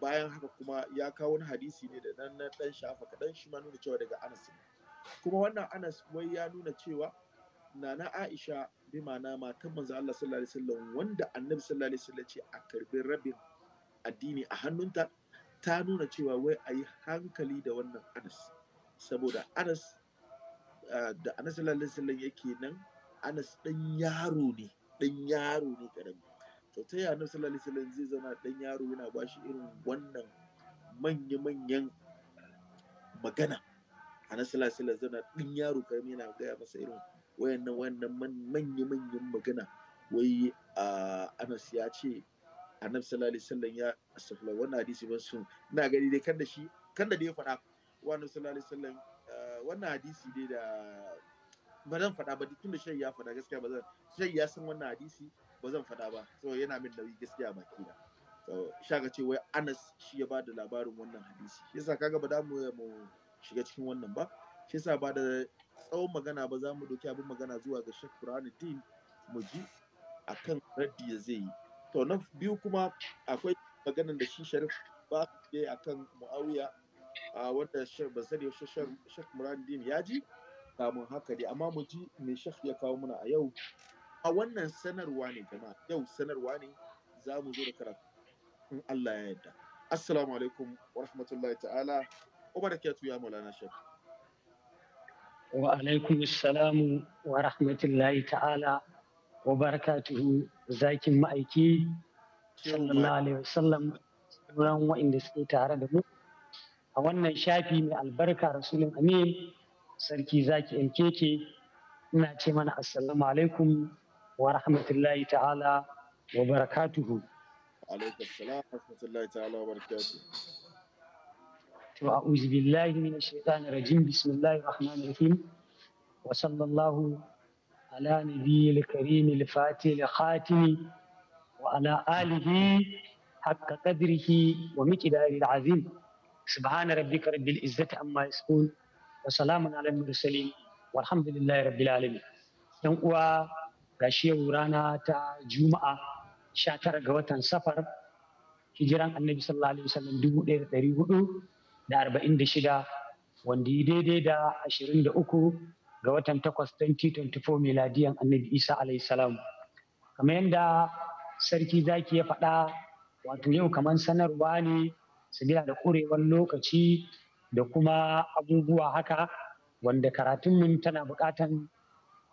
bayan haka kuma ya kawo wani hadisi ne da nan dan shafa kaɗan shi ma nuna cewa daga anas ne kuma wannan anas wai ya nuna cewa nana aisha bi ma'ana matan manzo Allah sallallahu alaihi wasallam wanda annabi sallallahu alaihi wasallam ce a karbin rabin addini a hannunta ta nuna cewa wai a yi hankali da wannan anas saboda anas da anas sallallahu alaihi wasallam yake nan anas dan yaro ne dan yaro ne karami to ta yaya annabi sallallahu alaihi zai zana dan yaro yana ba shi irin wannan manya-manyan magana a sallallahu alaihi wasallam zana dan yaro karami yana gaya masa irin wayannan wayannan manya-manyan magana wai Anas ya ce annabi sallallahu alaihi wasallam ya astaghfirullah wannan hadisi ban sun ina gani dai kan da shi kan da dai faɗa wa annabi sallallahu alaihi wannan hadisi dai da ba zan faɗa ba duk tun da shayi ya faɗa gaskiya ba zan shayi ya san wannan hadisi ba zan faɗa ba so yana min nauyi gaskiya baki na so ga ce wai Anas shi ya bada labarin wannan hadisi shi yasa kaga ba da mu mu shiga cikin wannan ba shi yasa ba da tsawon magana ba za mu doki abin magana zuwa ga Sheikh Din mu ji akan raddi ya zai yi to na biyu kuma akwai maganar da shi Sharif ba ke akan Muawiya a wanda ban sani yaushe Sheikh Din ya ji kamun haka dai amma mu ji me Sheikh ya kawo muna a yau a wannan sanarwa ne jama'a yau sanarwa ne za mu zo da karatu in Allah ya yarda assalamu alaikum wa rahmatullahi ta'ala wa barakatuh ya maulana shek wa alaikum assalamu wa rahmatullahi ta'ala wa barakatuhu zakin ma'aiki sallallahu alaihi wasallam sauran wa'inda suke tare da mu a wannan shafi mai albarka rasulun amin sarki zaki mkk ina ce mana assalamu alaikum wa rahmatullahi ta'ala wa barakatuhu. wa rahmatullahi ta'ala wa barakatuhu. To a'udhu billahi min shaitanir rajim bismillahir rahmanir rahim wa sallallahu ala nabiyil karim al fatih al khatim wa ala alihi haqqa qadrihi wa miqdaril azim. Subhana rabbika rabbil izzati amma yasifun wa salamun alal mursalin walhamdulillahi rabbil alamin. Dan uwa gashi yau rana ta juma'a sha tara ga watan safar hijiran annabi sallallahu alaihi wasallam 1446 wanda yi daidai da 23 ga watan 8 2024 miladiyan annabi isa alaihi salam kamar yadda sarki zaki ya faɗa wato yau kamar sanarwa ne sabila da ƙurewar lokaci da kuma abubuwa haka wanda karatunmu tana buƙatan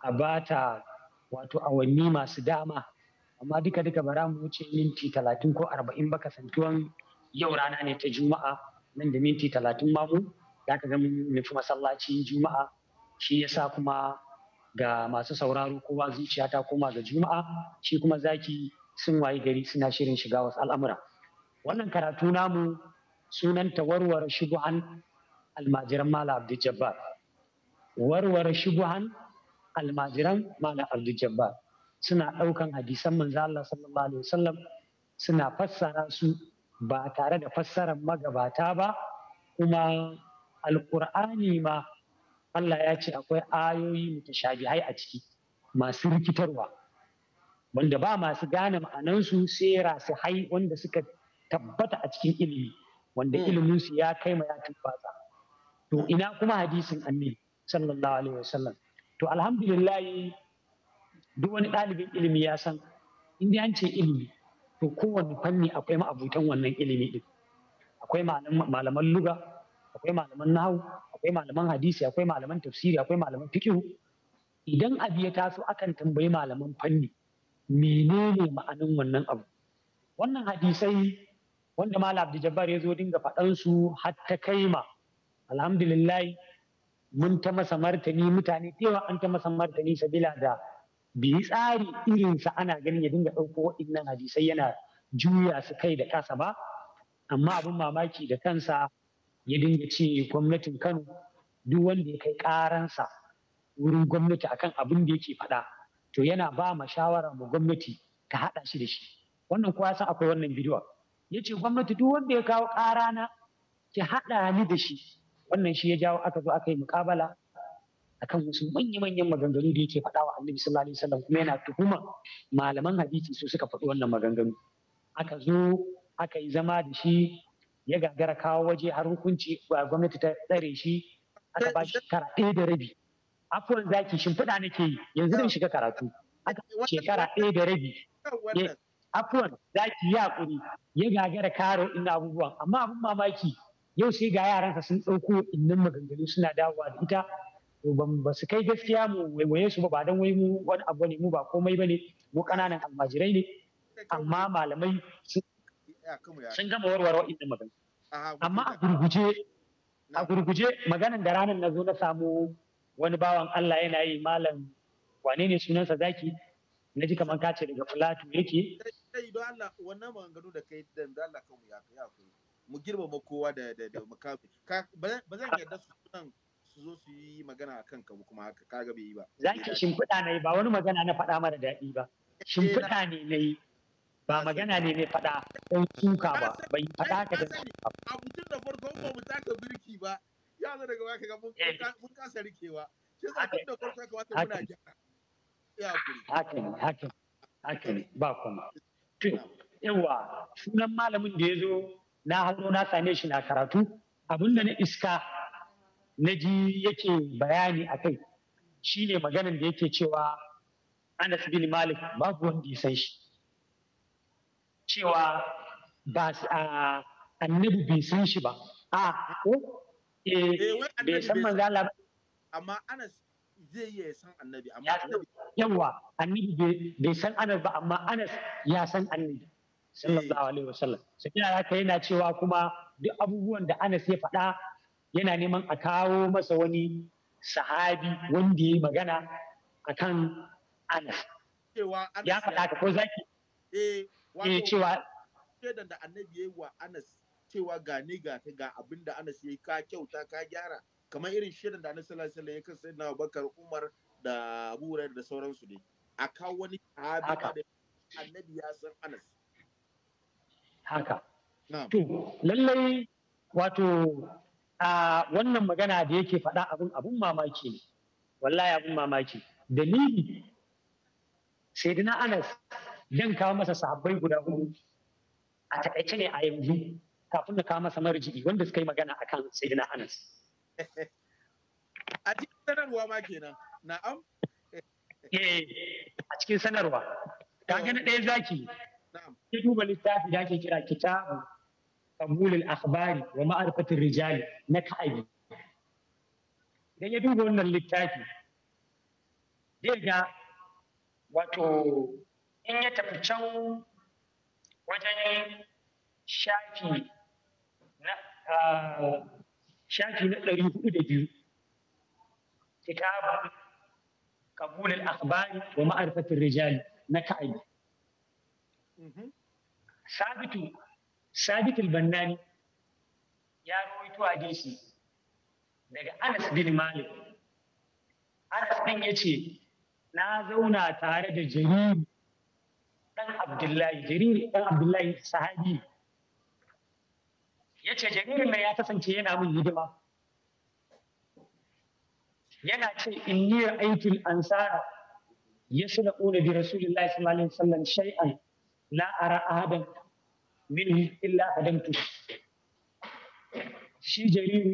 a bata wato awanni masu dama amma duka duka bara mu wuce minti talatin ko arba'in ba kasantuwan yau rana ne ta juma'a nan da minti talatin ma mu za ka ga nufi masallacin juma'a shi yasa kuma ga masu sauraro kowa zuciya ta koma ga juma'a shi kuma zaki sun wayi gari suna shirin shiga wasu al'amura wannan karatu namu sunanta warware shubuhan almajiran mala abdul jabbar warware shubuhan almajiran mana abdul jabbar suna ɗaukan hadisan manzo Allah sallallahu alaihi wasallam suna fassara su ba tare da fassarar magabata ba kuma alkur'ani ma Allah ya ce akwai ayoyi mutashabihai a ciki masu rikitarwa wanda ba masu gane ma'anansu sai hai wanda suka tabbata a cikin ilimi wanda hmm. iliminsu ya kai ma ya tabbata to ina kuma hadisin annabi sallallahu alaihi wasallam to alhamdulillahi duk wani ɗalibin ilimi ya san in an ce ilimi to kowane fanni akwai ma'abutan wannan ilimi din akwai malaman luga akwai malaman nahu akwai malaman hadisi akwai malaman tafsiri akwai malaman fiqh idan abu ya taso akan tambayi malaman fanni menene ma'anin wannan abu wannan hadisai wanda malam abdul jabbar ya zo dinga faɗan su har ta kaima alhamdulillah mun ta masa martani mutane yawa an ta masa martani sabila da bi tsari irinsa ana ganin ya dinga ɗauko waɗannan hadisai yana juya su kai da kasa ba amma abin mamaki da kansa ya dinga ce gwamnatin kano duk wanda ya kai ƙaransa wurin gwamnati akan abin da yake faɗa to yana ba ma shawara ma gwamnati ta haɗa shi da shi wannan kuwa san akwai wannan bidiyon ya ce gwamnati duk wanda ya kawo ƙarana ki haɗa ni da shi wannan shi ya jawo aka zo aka yi mukabala akan wasu manya-manyan maganganu da yake faɗa wa annabi sallallahu alaihi wasallam kuma yana tuhuma malaman hadisi su suka faɗi wannan maganganu aka zo aka yi zama da shi ya gagara kawo waje har hukunci gwamnati ta tsare shi aka ba shi shekara ɗaya da rabi afuwan zaki shimfiɗa nake yi yanzu zan shiga karatu shekara ɗaya da rabi afuwan zaki ya kuri ya gagara karo ina abubuwan amma abin mamaki yau sai ga yaransa sun ɗauko innan maganganu suna dawowa da ita ba su kai gaskiya mu waiwaye su ba ba don wai mu wani abu ne mu ba komai ba ne mu ƙananan almajirai ne amma malamai sun gama warware waɗannan maganganu amma a gurguje a gurguje maganan da ranar na zo na samu wani bawan Allah yana yi malam wane ne sunansa zaki na ji kamar kace daga Filatu yake sai don Allah wannan maganganu da kai dan Allah kan mu ya kai mu girmama kowa da da da mukami ba zan yarda su nan su zo su yi magana akan ka kuma haka kaga bai yi ba zaki shimfiɗa na yi ba wani magana na faɗa mara daɗi ba eh, shimfiɗa ne na yi ba magana ne mai faɗa ko suka ba bai faɗa ka da a mutum da farko ba mu taka birki ba ya zo daga waka ga eh. mun kasa rikewa shi za tun da farko ka wata muna gyara haka ne haka ne haka ne ba kuma yawa sunan malamin da ya zo na hannu na same shi na karatu abinda na iska na ji yake bayani a kai shi ne maganin da yake cewa anas bin malik babu wanda ya san shi cewa ba annabi bai san shi ba a eh, eh, bai san manzo Allah amma anas zai iya san annabi amma yawa annabi bai san anas ba amma anas ya san annabi sallallahu alaihi wasallam sakina haka yana cewa kuma duk abubuwan da Anas ya faɗa yana neman a kawo masa wani sahabi wanda ya magana akan Anas ya faɗa ka ko zaki eh, eh cewa shaidan da annabi yayi wa Anas cewa ga ni ga ta ga abinda da Anas yayi ka kyauta ka gyara kamar irin shaidan da Anas sallallahu alaihi wasallam ya kasa na Abubakar Umar da Abu Hurairah da sauransu ne a kawo wani sahabi da annabi ya san Anas haka to lallai wato a wannan magana da yake faɗa abin abin mamaki ne wallahi abin mamaki dalili sai dina anas dan kawo masa sahabbai guda hudu a taƙaice ne a yanzu kafin na kawo masa marji'i wanda suka yi magana a kan sai dina anas a cikin sanarwa ma kenan na'am eh a cikin sanarwa ka gani ɗaya zaki ki duba littafi da ake kira kitabu kabulul akhbari wa ma'arifatir rijali na ka'abi idan ya duba wannan littafi zai ga wato in ya tafi can wajen shafi na shafi na ɗari hudu da biyu kitabu kabulul akhbari wa ma'arifatir rijali na ka'abi Mhm. sabitu sabitu al-bannani ya rawaito hadisi daga Anas bin Malik Anas din yace na zauna tare da Jarir dan Abdullahi Jarir dan Abdullahi sahabi yace Jarir mai ya kasance yana min hidima yana ce inni aikin ansara yasna bi rasulillahi sallallahu alaihi wasallam shay'an la ara ahadan min illa adamtu shi jariru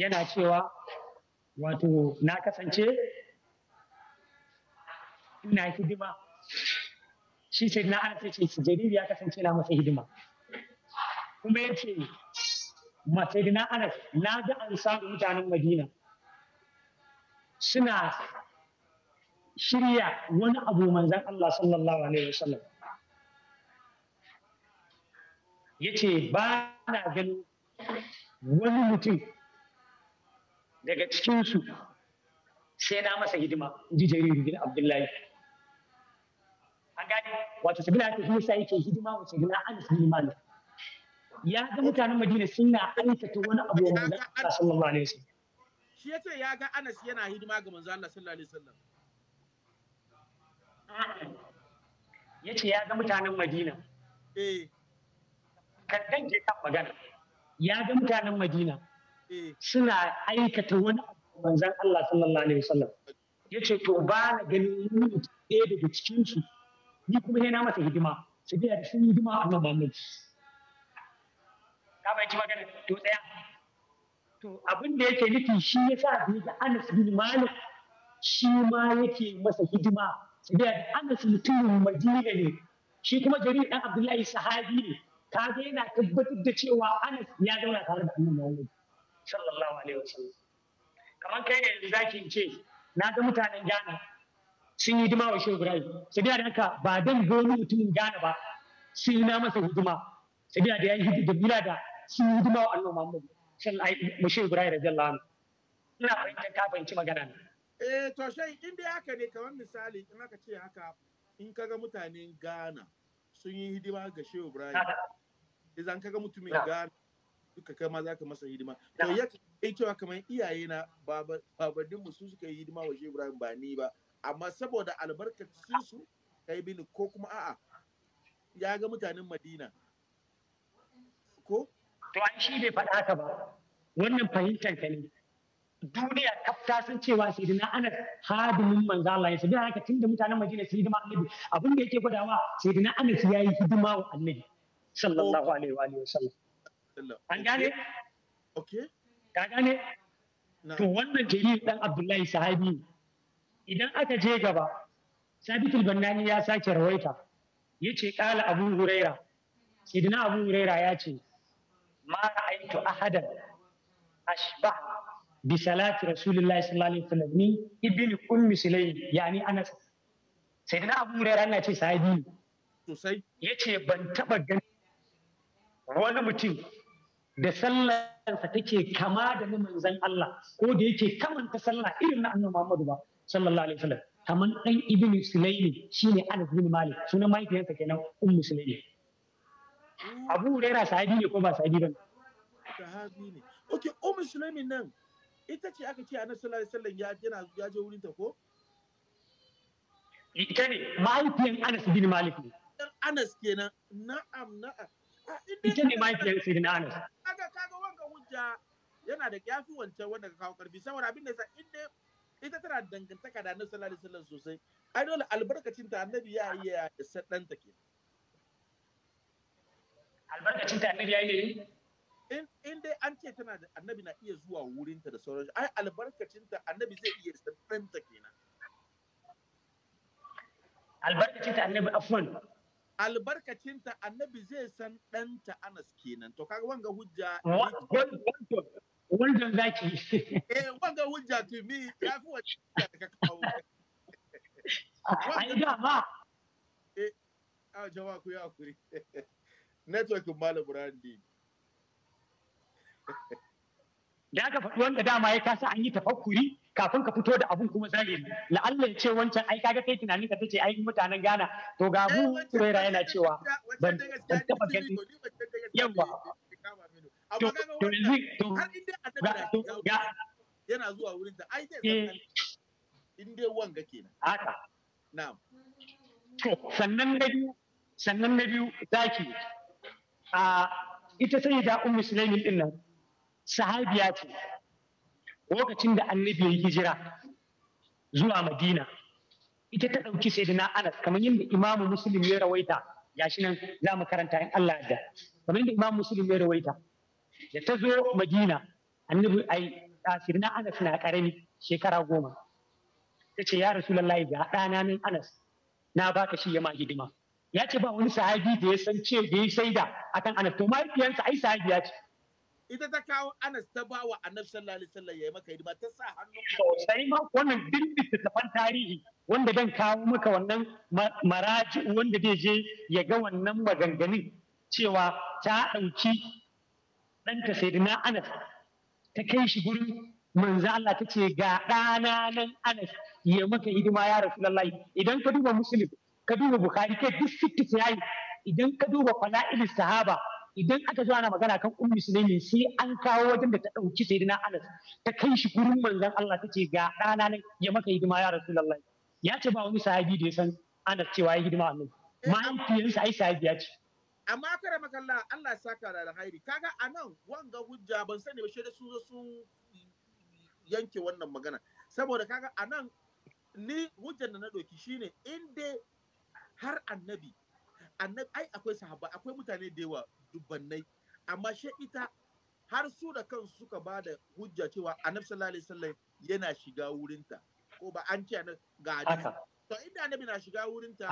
yana cewa wato na kasance ina hidima shi sai na ana ce jariru ya kasance na masa hidima kuma ya ce masai na ana na ga an samu mutanen madina suna shirya wani abu manzan Allah sallallahu alaihi wasallam ya ce ba na ganin wani mutum daga cikinsu sai na masa hidima ji jaririn bin abdullahi an gane wato sabila shi hisa yake hidima wa sabila anas bin malik ya ga mutanen madina suna aikata wani abu wa manzon Allah sallallahu alaihi wasallam shi yace ya ga anas yana hidima ga manzo Allah sallallahu alaihi wasallam yace ya ga mutanen madina eh kan je kan magana ya ga mutanen Madina eh. suna aikata wani abu manzon Allah sallallahu alaihi wasallam yace to ba na ganin wani ɗaya daga cikin su ni kuma ya na masa hidima su biya da sun hidima a Muhammad ka fahimci magana to tsaya to abin da yake nufi shi yasa bai ga Anas bin Malik shi ma yake masa hidima sabiya da Anas mutumin Madina ne shi kuma jari dan Abdullahi sahabi ne kaga yana tabbatar da cewa Anas ya zauna tare da Annabi Muhammad sallallahu alaihi wasallam kamar kai ne zaki ce na ga mutanen Ghana sun yi hidima wa Shehu Ibrahim sai da haka ba dan gani mutumin Ghana ba sun yi na masa hujuma. sai da ya yi hidima da sun yi hidima wa Annabi Muhammad sallallahu alaihi wasallam Ibrahim radiyallahu anhu ina fahimtar ka fahimci magana ne eh to shai in dai haka ne kamar misali in aka ce haka in kaga mutanen Ghana sun yi hidima ga Shehu Ibrahim idan kaga mutumin gane duka kai ma zaka masa hidima to ya kai cewa kamar iyaye na babadin mu su suka yi hidima wa Shehu Ibrahim ba ni ba amma saboda albarkacin su kai bini ko kuma a'a ya ga mutanen Madina ko to an shi bai faɗa ka ba wannan fahimtar ka ne duniya kafta sun cewa sai na ana hadimin manzo Allah ya sabi haka tunda mutanen Madina su hidima annabi abin da yake gwadawa sai dina ana yayi hidima wa annabi sallallahu alaihi wa sallam an gane okay ka gane to wannan jarir dan abdullahi sahabi idan aka je gaba sabitul bannani ya sake rawaita yace kala abu huraira sidina abu huraira ya ce ma ra'aitu ahadan ashba bi salati rasulillahi sallallahu alaihi wasallam ni ibn ummi sulaim yani anas sidina abu huraira na ce sahabi sosai yace ban taba ganin wani mutum da sallarsa take kama da na manzan Allah ko da yake ta sallah irin na annabi Muhammadu ba sallallahu alaihi wasallam kaman dan ibnu sulaimi shine Anas bin Malik sunan mahaifiyarsa kenan ummu sulaimi Abu Huraira sahabi ne ko ba sahabi ba sahabi ne okay ummu sulaimi nan ita ce aka ce annabi sallallahu alaihi wasallam ya ya je wurin ta ko ita ne mahaifiyar Anas bin Malik ne Anas kenan na'am na'am ita ne mahaifiyar sai na anas kaga kaga wanga hujja yana da yafi wancan wanda ka kawo karfi saboda abin da sa inda ita tana dangantaka da annabi sallallahu alaihi wasallam sosai ai dole albarkacin ta annabi ya yi ya isa danta ke albarkacin ta annabi ya yi ne in in dai an ce tana da annabi na iya zuwa wurinta da sauransu ai albarkacin ta annabi zai iya isa danta kenan albarkacin ta annabi afwan albarkacinta annabi zai san ɗanta anas kenan to kaga wanga hujja wanda zaki eh wanga hujja to me ya fi wacce ka kawo ai da ba eh a jama'a ku ya kuri network malam burandi da aka faɗi wanda dama ya kasa an yi tafakkuri kafin ka fito da abun kuma zahiri la'alla ya ce wancan ai kaga kai tunanin ka tace ai mutanen Ghana to ga mu Turaira eh, yana cewa ban taba gani yawa to to yanzu to ga yana zuwa wurin da ai dai eh. in dai wanga kenan haka na'am to sannan na biyu sannan na biyu zaki a ah, ita sai da ummu sulaimin din nan sahabiya ce lokacin da annabi ya yi hijira zuwa madina ita ta ɗauki da anas kamar yadda imamu muslim ya rawaita ya shi nan za mu karanta in Allah da kamar yadda imamu muslim ya rawaita da ta zo madina annabi ai na anas na ƙarami shekara goma ta ce ya rasulullahi ga ɗana min anas na baka shi ya ma hidima ya ce ba wani sahabi da ya san ce da ya shaida akan anas to mahaifiyarsa ai sahabiya ce ita ta kawo anas ta ba wa annabi sallallahu alaihi wasallam yayi maka hidima ta sa hannu Sai ma wannan dindin tafan tarihi wanda zan kawo maka wannan maraji wanda zai je ya ga wannan maganganun cewa ta ɗauki ɗanka sayyidina anas ta kai shi gurin manzo Allah ta ce ga ɗana nan anas ya maka hidima ya rasulullahi idan ka duba muslim ka duba bukhari kai duk fitta yayi idan ka duba fala'il sahaba idan aka zo ana magana kan ummi sulaimin sai an kawo wajen da ta dauki sayyidina anas ta kai shi gurin manzon Allah tace ga dana nan ya maka hidima ya rasulullahi ya ce ba wani sahabi da ya san anas cewa ya hidima annabi eh, mahaifiyarsa ai sahabiya ce amma kare makalla Allah ya saka da alhairi kaga anan wanga hujja ban sani ba shede su sun zo yanke wannan magana saboda kaga anan ni hujjar da na doki shine inda har annabi annabi ai akwai sahaba akwai mutane da yawa dubbannai amma she ita har su da kansu suka ba da hujja cewa annabi sallallahu alaihi wasallam yana shiga wurinta ko ba an ce ga to inda annabi na shiga wurinta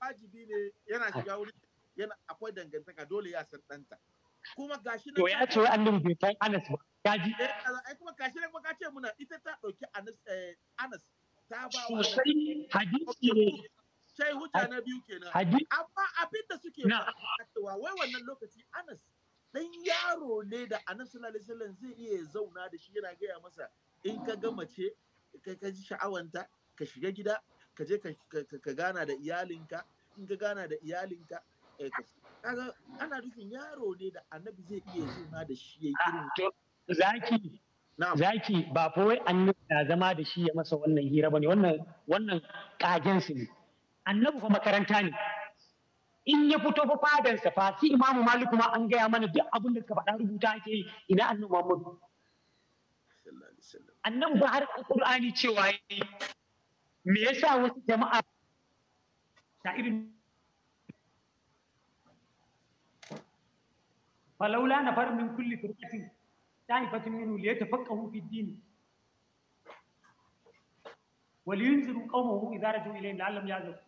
wajibi ne yana shiga wurinta yana akwai dangantaka dole ya san danta kuma gashi to ya ce annabi bai kai Anas ba gaji eh, ai kuma gashi kuma ka ce muna ita ta dauki Anas eh, Anas ta ba wa hadisi ne Sai huta na biyu kenan. Amma abin da suke fatawa wai wannan lokaci Anas dan yaro ne da Anas sallallahu alaihi wasallam zai iya zauna da shi yana gaya masa in ka ga mace ka ji sha'awanta ka shiga gida ka je ka gana da iyalinka in ka gana da iyalinka eh, kaga ana nufin yaro ne da annabi zai iya zauna da shi ya yi ah, zaki zaki ba fa wai annabi na zama da shi ya masa wannan hira bane wannan wannan kagen su ne annabi fa makaranta ne in ya fito fa fadansa fa si imamu malik kuma an gaya mana duk abin da ka faɗa rubuta ake yi ina annabi muhammadu annabi ba har qur'ani cewa me yasa wasu jama'a ta irin falaula na far min kulli firqatin ta'ifatin minhu liyatafaqahu fi din ولينذروا قومهم إذا رجعوا إليهم لعلهم يعذرون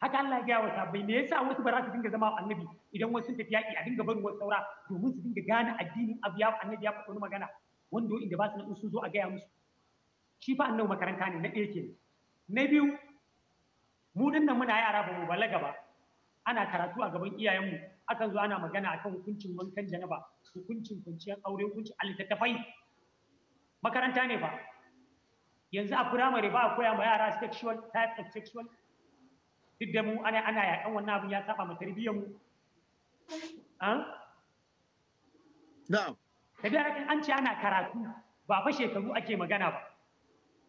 haka Allah ya gaya wa sabbai me yasa wasu ba za su dinga zama annabi idan wasu tafi yaki a dinga barin wasu saura domin su dinga gane addinin abu ya annabi ya magana wanda inda ba su na sun zo a gaya musu shi fa annabi makaranta ne na ɗaya ke na biyu mu nan muna yara ba mu balaga ba ana karatu a gaban iyayenmu akan zo ana magana akan hukuncin wankan janaba hukuncin kwanciyar aure hukuncin alittattafai makaranta ne ba yanzu a firamare ba a koya ma yara sexual type of sexual duk da mu ana ana yakan wannan abin ya saba mu tarbiyyar mu an na'am an ce ana karatu ba fa shekaru ake magana ba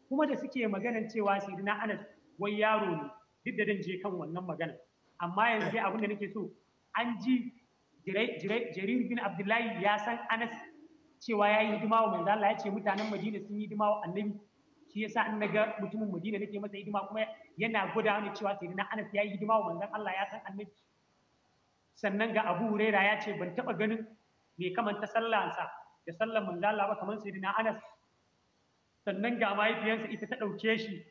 kuma da suke maganan cewa sirina anas wai yaro ne duk da dan je kan wannan magana amma yanzu dai abin da nake so an ji jarir bin abdullahi ya san anas cewa ya yi hidima wa manzo Allah ya ce mutanen Madina sun yi hidima wa annabi shi yasa an naga mutumin Madina nake masa hidima kuma yana guda wani cewa sai na Anas ya yi hidima wa manzon Allah ya san annabi sannan ga Abu Huraira ya ce ban taba ganin me kamanta sallansa da sallan manzon Allah ba kamar sai na Anas sannan ga mahaifiyarsa ita ta ɗauke shi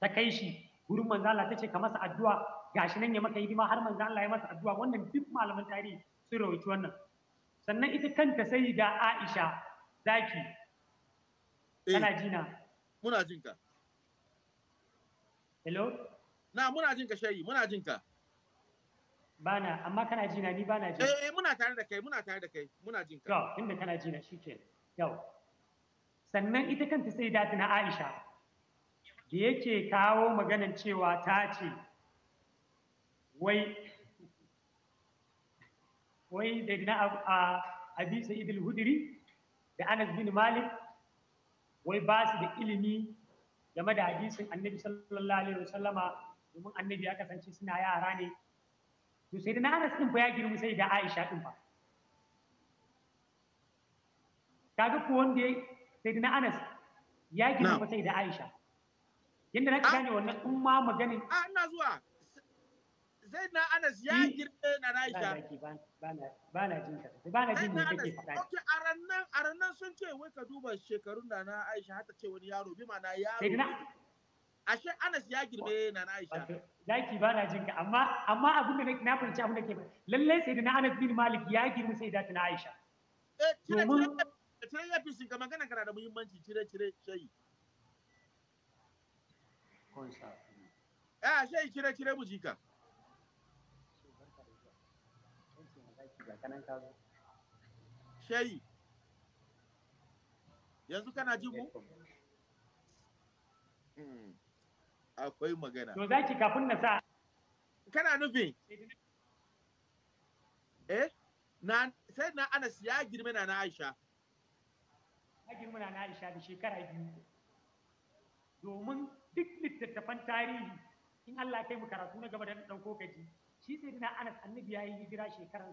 ta kai shi gurin manzon Allah ta ce ka masa addu'a gashi nan ya maka hidima har manzon Allah ya masa addu'a wannan duk malaman tarihi sun rawaito wannan sannan ita kanta sai da Aisha zaki eh, kana jina muna jinka Hello? Na muna jin ka shayi, muna jin ka. Bana, amma kana jina ni bana jin. Eh, eh, muna tare da kai, muna tare da kai, muna jin ka. Yau, tunda kana jina shike. Yau. Sannan ita kanta sai dati na Aisha. Da yake kawo maganan cewa ta ce wai wai da na a Abi Sa'id al-Hudri da Anas bin Malik wai ba su da ilimi game da hadisin annabi sallallahu alaihi wasallama domin annabi ya kasance suna yara ne to sai da na anas din fa ya girmu sai da aisha din fa kaga ko wanda sai da na anas ya girmu sai da aisha yanda na ah! gane wannan in maganin ah ina zuwa sai na Anas ya girbe na Aisha. Ba na jin ka, ba na jin ka ke faɗa. Ok, a rannan, a rannan sun ce wai ka duba shekarun da na Aisha hata ce wani yaro, bi na yaro. Ashe Anas ya girbe na Aisha. Zaki ba na jin ka, amma amma abin da na fahimci abin da ke lallai sai da na Anas bin Malik ya girme sai da na Aisha. Eh, cire cire ya fi sun ka magana kana da muhimmanci cire cire shayi. Eh, shayi cire cire mu jika. yanzu kana jin mu hmm, akwai magana kana nufin eh sai na Anas ya girme na Aisha ya girme na Aisha da shekara biyu domin duk littattafan tarihi in Allah ya kai mu karatu na gaba da dauko kaji shi sai na Anas annabi ya yi hijira shekaran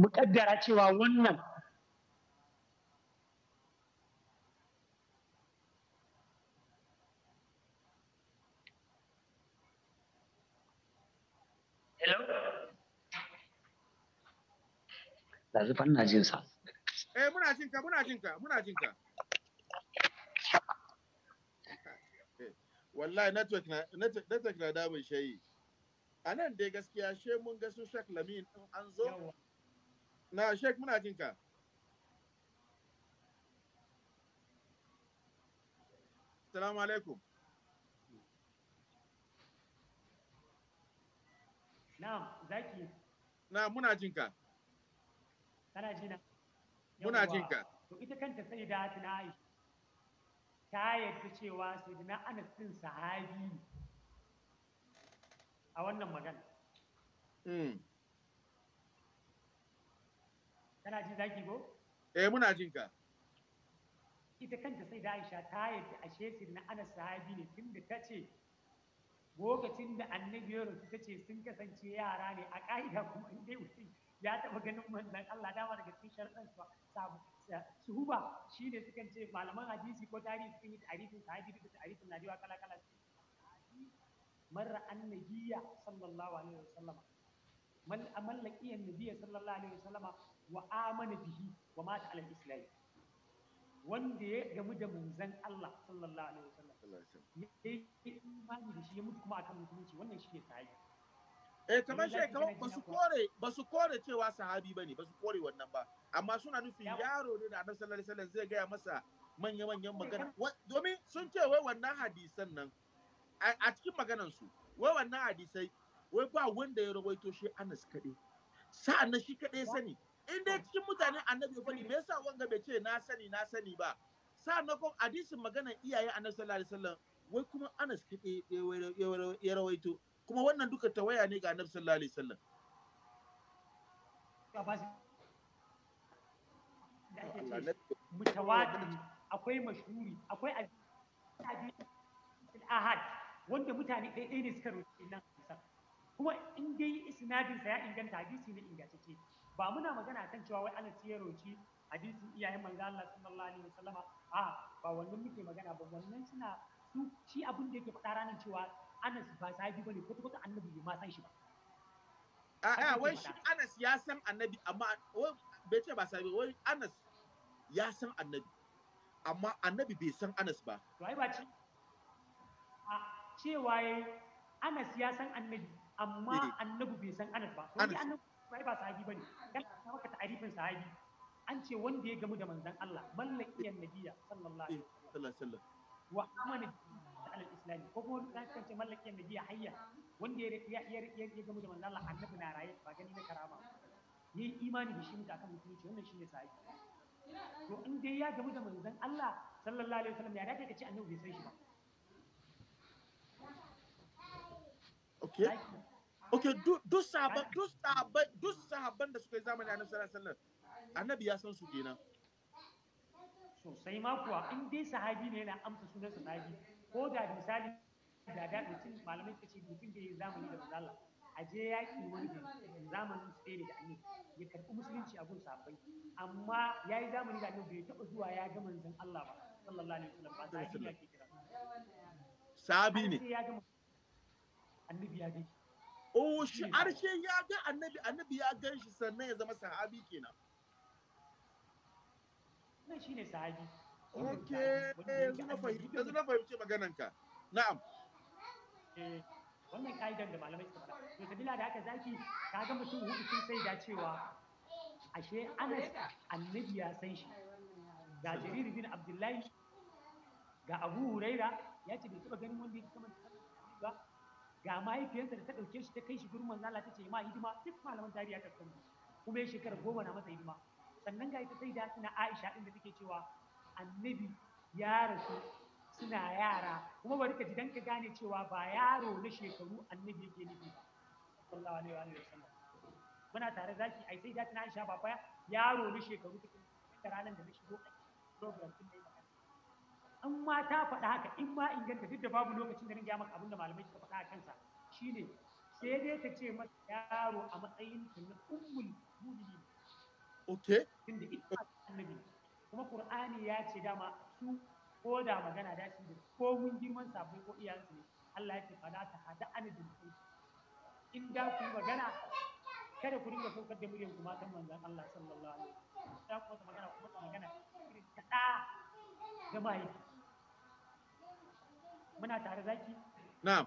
muƙaddara cewa wannan da zufan na jinsa. Eh muna ka muna ka muna ka. Eh, wallahi network na network na damun shayi. A nan dai gaskiya she mun ga su shaklamin in an zo na shek muna jin ka assalamu alaikum na'am zaki na muna jin ka kana jina muna jin ka to ita kanta sai da tana Aisha ta yadda cewa sai sayyidina Anas din sahabi a wannan magana mm. Kana jin zaki ko? Eh muna jin ka. Ita kanta sai da Aisha ta yadda ashe na Anas sahabi ne da ta ce lokacin da annabi ya rasu ta ce sun kasance yara ne a ƙa'ida kuma in dai mutum ya taɓa ganin manzon Allah dama daga cikin sharɗan su huba shi ne sukan ce malaman hadisi ko tarihi sun yi tarihin sahabi da tarihin najewa kala kala marra annabiya sallallahu alaihi wasallam man amallaki annabiya sallallahu alaihi wasallama wa amana bihi wa mata ala islam wanda ya gamu da munzan Allah sallallahu alaihi wasallam ya yi imani da shi ya mutu kuma akan musulunci wannan shi ne sahabi eh kamar shi kamar ba su kore ba su kore cewa sahabi bane ba su kore wannan ba amma suna nufin yaro ne da annabi sallallahu alaihi wasallam zai gaya masa manya manyan magana domin sun ce wai wannan hadisan nan a cikin maganan su wai wannan hadisai wai ba wanda ya rawaito shi Anas kaɗai sa'an shi kaɗai sani in dai cikin mutanen annabi ya faɗi me yasa wanga bai ce na sani na sani ba sa'annan hadisin maganar iyaye annabi sallallahu alaihi wasallam wai kuma Anas eh, ya rawaito kuma wannan duka tawaya ne ga annabi sallallahu alaihi wasallam akwai mashhuri akwai ahad wanda mutane ɗaya ne suka nan kuma in dai isnadin sa ya inganta hadisi ne ingantacce ba muna magana kan cewa wai ana ya roki hadisin iyayen manzo Allah sallallahu alaihi wasallam a ba wannan muke magana ba wannan suna su shi abin da yake fada ranar cewa Anas ba sahibi bane ko kuma annabi bai ma san shi ba a a wai shi Anas ya san annabi amma wai bai ce ba sahibi wai Anas ya san annabi amma annabi bai san Anas ba to ai ba ci a cewa Anas ya san annabi amma eh. annabi bai san Anas ba to annabi ai ba sahibi bane dan ta maka ta'arifin sahibi an ce wanda ya gamu da manzon Allah mallakiyan nabiyya eh, sallallahu alaihi wasallam wa amana al-islami ko kuma da kan ce mallakiyan nabiyya hayya wanda ya ya ya gamu da manzon Allah annabi na raye ba gani na karama ne imani da shi mutaka kan mutunci wannan shine sahibi to in dai ya gamu da manzon Allah sallallahu alaihi wasallam ya dace ka ce annabi bai san shi ba okay Okay, duk sahabban duk sahabban duk sahabban da suka yi zamani Annabi sallallahu alaihi wasallam Annabi ya san su kenan. Sosai ma kuwa in dai sahabi ne yana amsa sunan sahabi ko da misali da da mutum malamai suka ce mutum da ya zamani da manzo Allah a je yaƙi wani zamanin su ne da annabi ya karɓi musulunci a gun sahabbai amma ya yi zamani da annabi bai taɓa zuwa ya ga manzon Allah ba sallallahu alaihi wasallam ba sahabi ya ke kira. Sahabi ne. Annabi ya gama. Oh, shi arshe ya ga annabi, annabi ya gan shi sannan ya zama sahabi kenan. Nan shi ne sahabi. Ok, yanzu na fahimci magananka. Na'am. Eh, wannan ka'idar da malamai suka faɗa. To, sabila da haka zaki, ka ga mutum hudu sun sai da cewa ashe Anas annabi ya san shi. Ga Jarir bin Abdullahi, ga Abu Huraira, ya ce bai ganin wanda ya ba. ga mahaifiyarsa da ta ɗauke shi ta kai shi gurin manzo Allah ta ce ma hidima duk malaman tarihi ta san kuma ya shekara goma na masa hidima sannan ga ita sai da suna Aisha din da take cewa annabi ya rasu suna yara kuma bari ka ji dan ka gane cewa ba yaro na shekaru annabi yake nufi ba sallallahu alaihi wa sallam muna tare zaki ai sai da tana Aisha ba fa yaro na shekaru take ranan da na shigo program din da in ma ta faɗa haka in ma inganta duk da babu lokacin da ringa maka abinda malamai suka faɗa a kansa shine sai dai ta ce masa yaro a matsayin ta na ummul mu'minin okay inda ita annabi kuma qur'ani ya ce dama su ko da magana da shi ko mun girman sabon ko iyansu ne Allah ya ce fala ta hada anadin in da ku magana kada ku dinga saukar da muryan ku matan manzon Allah sallallahu alaihi wasallam da ku magana kuma magana irin ga mai muna tare zaki na'am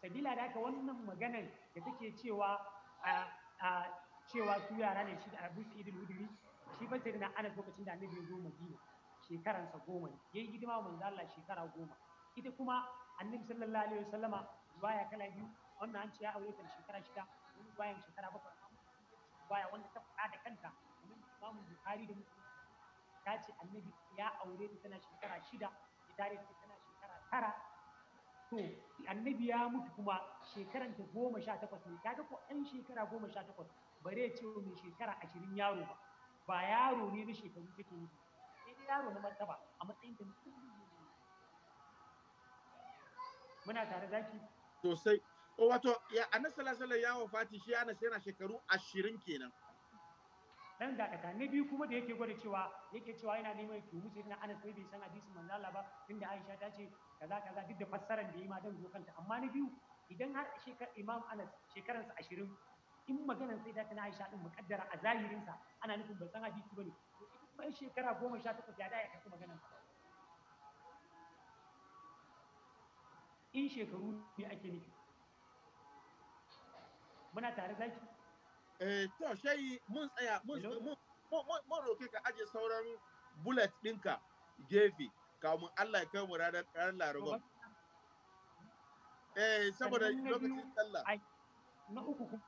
sabila da haka wannan maganar da take cewa a cewa su yara ne shi da abu idil huduri shi ba sai na ana lokacin da annabi ya zo madina sa goma ne yayi hidima wa manzo Allah shekara goma ita kuma annabi sallallahu alaihi wasallama baya kala biyu wannan an ce ya aure ta shekara shida wani bayan shekara bakwai baya wanda ta fada da kanta wannan imamu bukhari da muslim ta ce annabi ya aure ta tana shekara shida ita ne ta shekara to annabi ya mutu kuma shekaran ta goma sha takwas ne kaga ko ɗan shekara goma sha takwas zai ce mai shekara ashirin yaro ba ba yaro ne na shekaru take yi sai dai yaro na martaba a matsayin ta muna tare zaki sosai wato ya annabi sallallahu alaihi wasallam ya wafati shi sai na shekaru ashirin kenan dan da na biyu kuma da yake gwada cewa yake cewa yana neman ki sai na Anas bai san hadisin manzo Allah ba tunda Aisha ta ce kaza kaza duk da fassarar da yi ma dan zo kanta amma na biyu idan har shekar Imam Anas sa 20 in maganar sai ta na Aisha din mukaddara a zahirin sa ana nufin ban san hadisi bane bai shekara 18 ya da ya kasu maganar in shekaru ne ake nufi muna tare zaki Eh, to shayi mun tsaya mun roƙe roke ka aje sauran bullet ɗinka gefe kamun Allah ya kai mu ranar Laraba. Eh, saboda lokacin tsalla. Na uku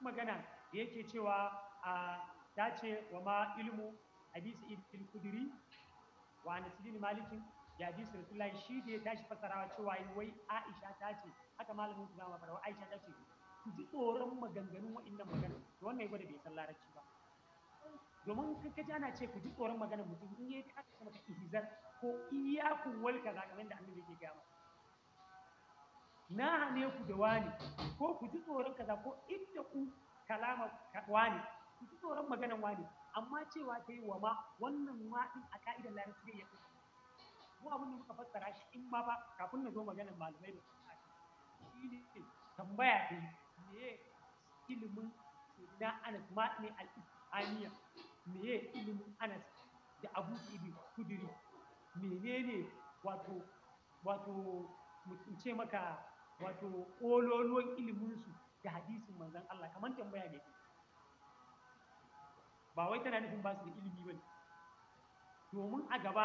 magana da yake cewa a dace wa ma ilmu hadisi ibn kudiri wa anas bin malikin da hadisi rasulullahi shi da ya tashi fasarawa cewa wai Aisha ta ce haka malamin su zama fara Aisha ta ce ku ji tsoron maganganun waɗannan magana wannan ya gwada bai san larabci ba domin ka ji ana ce ku ji tsoron maganar mutum in yayi aka ce maka ihzar ko iyakun wal kaza kamar da annabi yake gaya na hane ku da wani ko ku ji tsoron kaza ko inda ku kalama wani ku ji tsoron maganar wani amma cewa ta yi wa ma wannan waɗin a ka'idar larabci zai iya mu abin da muka fassara shi in ma ba kafin na zo maganar malamai da shi ne tambaya ta yi meye ilimin na anas ma ne al'aniya meye ilimin anas da abu ibi kudiri menene wato wato ce maka wato ƙololuwan iliminsu da hadisin manzan Allah kamar tambaya ne ba wai tana nufin ba su da ilimi ba ne domin a gaba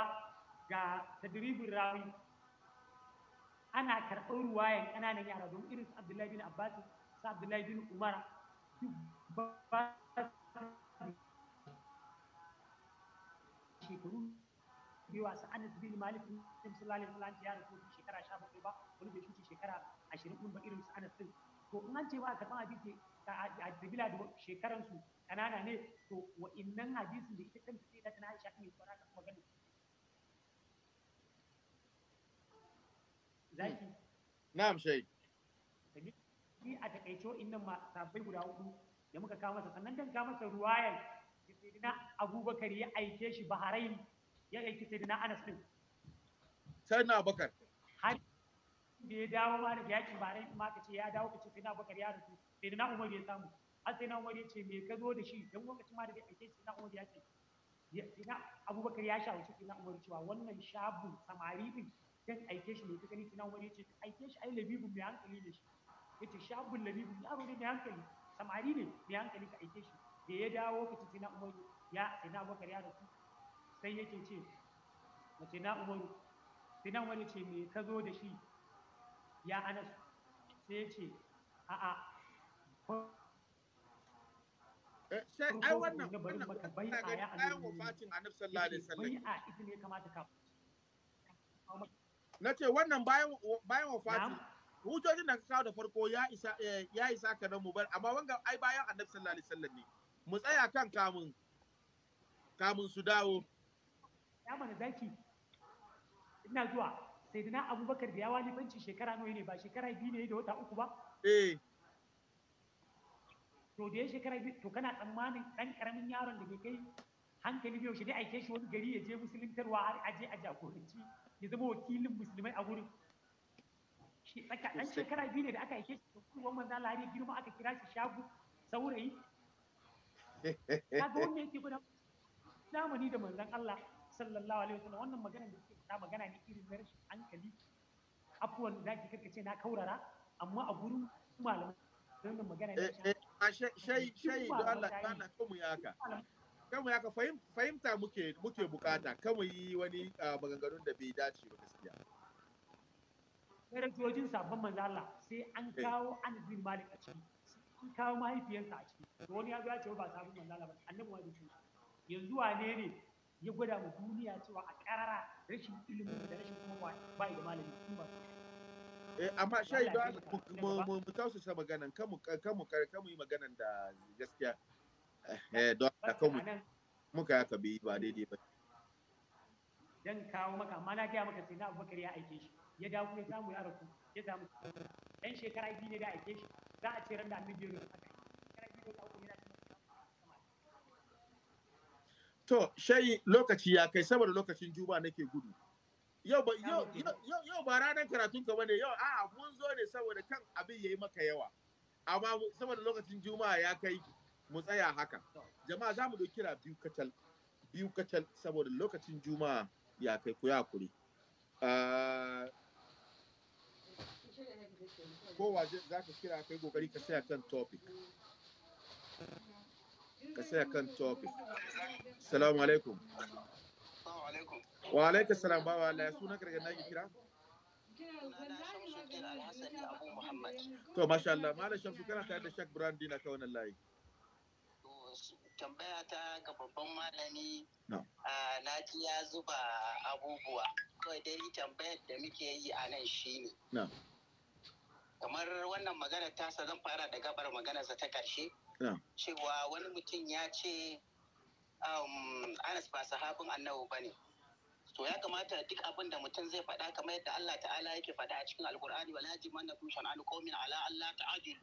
ga tadribin rawi ana karɓar ruwayan ƙananan yara don irin su Abdullahi bin Abbas su abdullahi umara duk ba shekaru biyu su anas bin malik sallallahu alaihi ya shekara ba wani bai shekara ba irin anas din to in an ce ba a hadisi da shekaran su kanana ne to wa'innan hadisin da ita kanta sai Aisha ne zaki na'am shaykh shi a takaice innan ma sabai guda hudu da muka kawo masa sannan dan kawo masa ruwayan da sayyidina Abubakar ya aike shi Bahrain ya aiki sayyidina Anas din sayyidina Abubakar har da ya dawo ma daga yakin Bahrain ma kace ya dawo kace sayyidina Abubakar ya rasu sayyidina Umar ya samu har sayyidina Umar ya ce me ka zo da shi dan lokacin ma da ya aike sayyidina Umar ya ce sayyidina Abubakar ya shawo sayyidina Umar cewa wannan shabun samari din dan aike shi ne ka gani sayyidina Umar ya ce aike shi ai labibun mai hankali ne shi yace shabul labib yaro ne mai hankali samari ne mai hankali ka aike shi da ya dawo ka ce na umaru ya sai na abubakar ya rasu sai yake ce mace na umaru sai na umaru ce me ka zo da shi ya anas sai ya ce a'a eh, Shai, ai wannan wannan bai kayan wafatin annabi sallallahu alaihi wasallam. a ita ne kamata ka. Na ce wannan bayan bayan wafatin hujjojin da ka kawo da farko ya isa eh, ya isa ka nan mu bar amma wanga ai bayan annabi sallallahu alaihi wasallam ne mu tsaya kan kamun kamun su dawo ya mana zaki ina zuwa sayyidina abubakar da ya wani banci shekara nawa ne ba shekara biyu ne da wata uku ba eh to da ya shekara biyu to kana tsammanin dan karamin yaron da bai kai hankali biyo shi dai aike shi wani gari ya je musulintarwa a je a jagoranci ya zama wakilin musulmai a gurin shi tsaka dan shekara biyu ne da aka haife shi da kurwan manzo Allah har girma aka kira shi shagu saurayi kaga wannan yake gudan zamani da manzon Allah sallallahu alaihi wasallam wannan magana da suke ta magana ne irin na rashin hankali abubuwan da zaki karkace na kaurara amma a gurin malamai wannan magana ne eh, eh, shayi shayi don Allah kana to mu yaka kanmu yaka fahimta muke muke bukata kanmu yi wani ah, maganganun da bai dace ba gaskiya darajojin sabon manzo Allah sai an eh. kawo an bin malik a ciki an kawo mahaifiyarsa a ciki to wani ya zo ya ce ba sabon manzo Allah ba annabi wa ce yanzu wane ne ya gwada mu duniya cewa a karara rashin ilimin da rashin kuma ba da malami kun ba Eh, amma shayi don mu tausasa maganan kamu kamu yi maganan da gaskiya eh, eh don kamu muka ka bi ba daidai ba dan kawo maka amma na ga maka sai na Abubakar ya aike shi ya dawo kuma ya samu ya rasu ya samu ɗan shekara biyu ne da ake shi za a ce ran da annabi ya rasu shekara biyu ne da uku yana To, shayi lokaci ya kai saboda lokacin juba nake gudu. Yau ba yau yau ba ranar karatun ka bane yau a'a mun zo ne saboda kan abin yayi maka yawa. Amma saboda lokacin juma'a ya kai mu tsaya haka. Jama'a za mu kira biyu kacal biyu kacal saboda lokacin juma'a ya kai ku ya kuri. Uh, ah, kowa za ka kira kai kokari ka saya kan topic ka tsaya kan topic salamu alaikum wa alaikum salam ba wa Allah sunan karga nake kira to masha Allah malam shamsu kana tare da shak brandi na kawunan layi tambaya ta ga babban malami na ji ya zuba abubuwa kawai dai tambayar da muke yi a nan shine kamar wannan magana tasa zan fara da gabar maganarsa ta ƙarshe cewa wani mutum ya ce um, anas ba sahabin annabi ba ne to ya kamata duk abin da mutum zai faɗa kamar yadda Allah ta'ala yake faɗa a cikin alkur'ani wala yajimanna kum shan'anu qaumin ala Allah ta'adil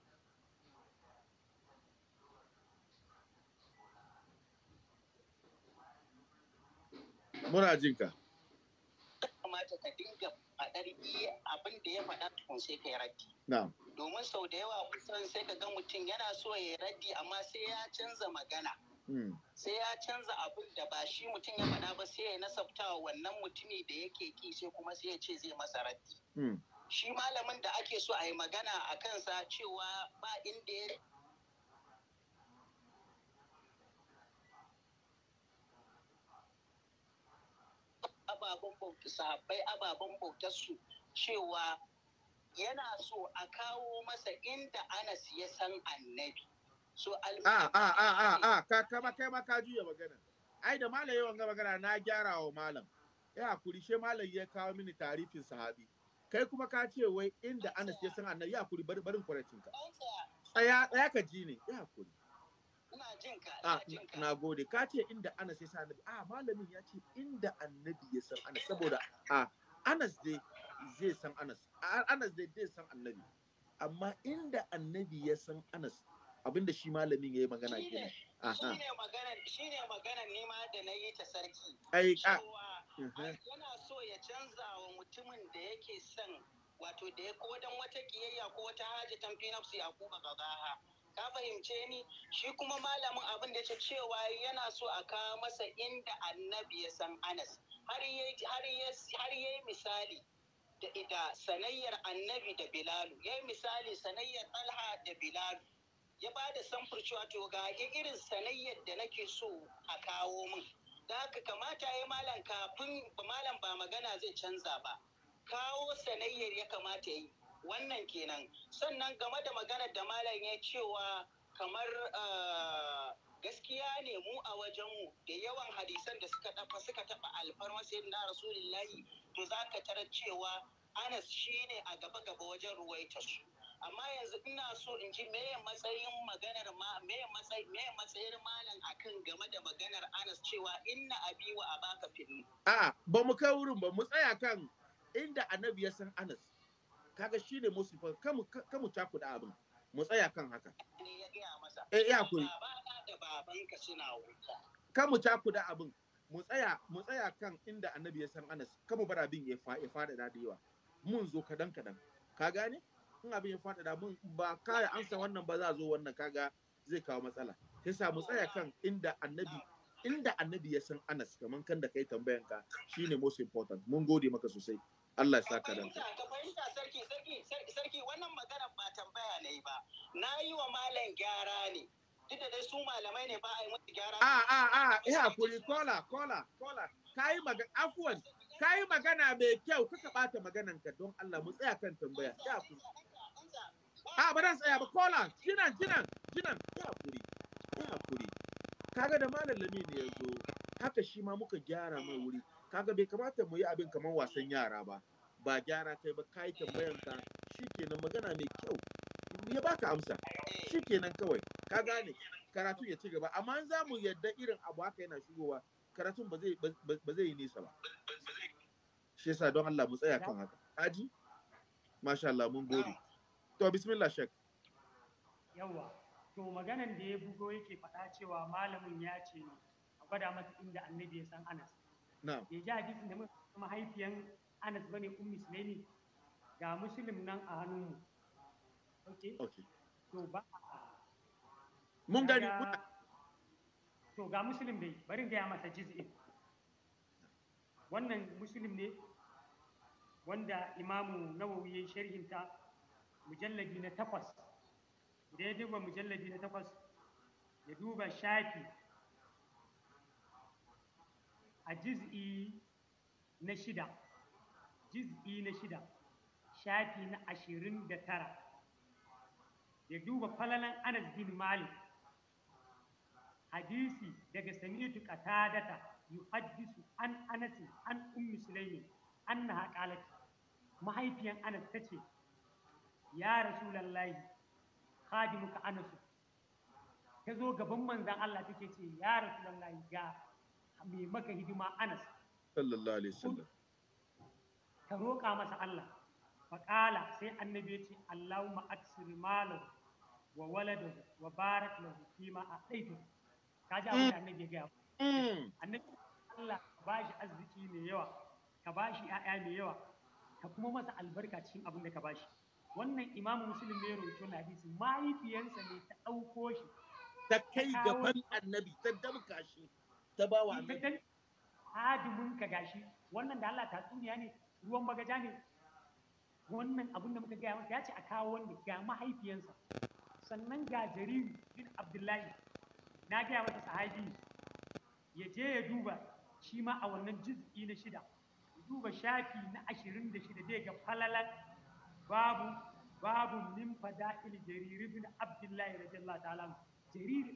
muna jinka kamata ka dinga faɗar iya abin da ya faɗa tukun sai ka yi raddi. Domin sau da yawa kusan sai ka ga mutum yana so ya yi raddi amma sai ya canza magana. Hmm. Sai ya canza abin da ba shi mutum ya faɗa ba sai ya nasabta wannan mutumi da yake ki sai kuma sai ya ce zai masa raddi. Hmm. Shi malamin da ake so a yi magana a kansa cewa ba inda ya ababen bauta sahabbai ababen bautarsu cewa yana so a kawo masa inda Anas ya san annabi. So a a a a kai maka juya magana. Ai da malam yawan ga magana na gyara wa malam. Ya hakuri she malam ya kawo mini tarifin sahabi. Kai kuma ka ce wai inda Anas ya san annabi ya hakuri barin kwarancin ka. Tsaya tsaya ka ji ne ya hakuri. Ah, na gode ka ce inda anas ya sa annabi a ah, malamin ya ce inda annabi ya san anas saboda a ah, anas dai zai san anas anas dai zai san annabi amma inda annabi ya san anas abinda shi malamin ya yi magana kenan ne magana maganar nema da na yi ta sarki ai a uh-huh. yana so ya canza wa mutumin da yake son wato da ya kodan wata kiyayya ko wata haji tamfi nafsi a kuma gazaha ka fahimce ni shi kuma malamin abin da ya cewa yana so a kawo masa inda annabi ya san anas har yi misali da sanayyar annabi da bilalu ya misali sanayyar talha da bilalu ya ba da samfur cewa to ga irin sanayyar da nake so a kawo min da haka kamata ya malam kafin malam ba magana zai canza ba kawo sanayyar ya kamata ya yi wannan kenan sannan game da maganar da malam ya cewa kamar ah, gaskiya ne mu a wajenmu da yawan hadisan da suka dafa suka taba alfarma na rasulullahi to za ka tarar cewa anas shi ne a gaba gaba wajen ruwaita su amma yanzu ina so in ji meye matsayin maganar ma meye matsayin meye matsayin malam akan game da maganar anas cewa inna abi wa abaka fil a ba mu kai wurin ba mu tsaya kan inda annabi ya san anas kaga shi ne musu kamu kamu cakuda abin mu tsaya kan haka eh ya koyi kamu cakuda abin mu tsaya mu tsaya kan inda annabi ya san Anas kamu bara abin ya fada da yawa mun zo kadan kadan ka gane in abin ya fada da mun ba kaya ansa wannan ba za zo wannan kaga zai kawo matsala yasa mu tsaya kan inda annabi inda annabi ya san Anas kaman kan da kai tambayanka shine most important mun gode maka sosai Allah ya saka dan ka fahimta sarki sarki sarki wannan magana ba tambaya ne ba na yi wa malam gyara ne duk da dai su malamai ne ba a yi mata gyara a a a eh hakuri kola kola kola kai magana afwan kai magana mai kyau kaka bata maganan ka don Allah mu tsaya kan tambaya ya hakuri a ba dan tsaya ba kola jinan jinan jinan ya hakuri ya hakuri kaga da malam ne ya zo haka shi ma muka gyara mai wuri kaga bai kamata mu yi abin kamar wasan yara ba ba gyara kai ba kai tambayan ka shikenan magana mai kyau ya baka amsa shikenan kawai ka gane karatu ya ci gaba amma in za mu yadda irin abu haka yana shigowa karatun ba zai ba zai yi nisa ba shi yasa don Allah mu tsaya kan haka aji masha Allah mun gode to bismillah shek yawa to maganan da ya bugo yake faɗa cewa malamin ya ce a gwada masa inda annabi ya san Anas na'am bai ji hadisin da muka mahaifiyan Anas bane ummi Sulaimi ga muslim nan a hannunmu okay okay to ba mun gani to ga muslim dai bari ga ya masa juz'in wannan muslim ne wanda imamu nawawi ya sharhinta mujalladi na takwas Da ya duba mujalladi na takwas ya duba shafi a juz'i na shida juz'i na shida shafi na ashirin da tara ya duba falalan anas bin malik hadisi daga samitu qatadata yuhaddisu an anas an ummi sulaimi annaha qalat mahaifiyan anas tace ya rasu rasulullahi khadimuka anasu. ta zo gaban manzon Allah take ce ya rasu rasulullahi ga mai maka hidima anas sallallahu alaihi wasallam ka roƙa masa Allah faƙala sai annabi ya ce Allahumma aksir malahu wa waladahu wa barak lahu fima a ɗaitu ka ji abin da annabi ya gaya mm. Mm. annabi Allah ka ba shi arziki mai yawa ka ba shi ‘ya'ya mai yawa ka kuma masa albarka cikin abin da ka ba shi wannan imamu musulun ne rawaito na hadisi mahaifiyarsa ne ta ɗauko shi ta kai gaban annabi ta damka shi ta ba wa annabi hadimin ka gashi wannan da Allah tatsuniya ne ruwan bagaja ne wannan abin da muka gaya masa ya ce a kawo wanda ga mahaifiyansa sannan ga jariri bin abdullahi na gaya masa sahabi ya je ya duba shi ma a wannan jiz'i na shida duba shafi na ashirin da shida dai ga falalan babu babu min fada'il jariri bin abdullahi radiyallahu ta'ala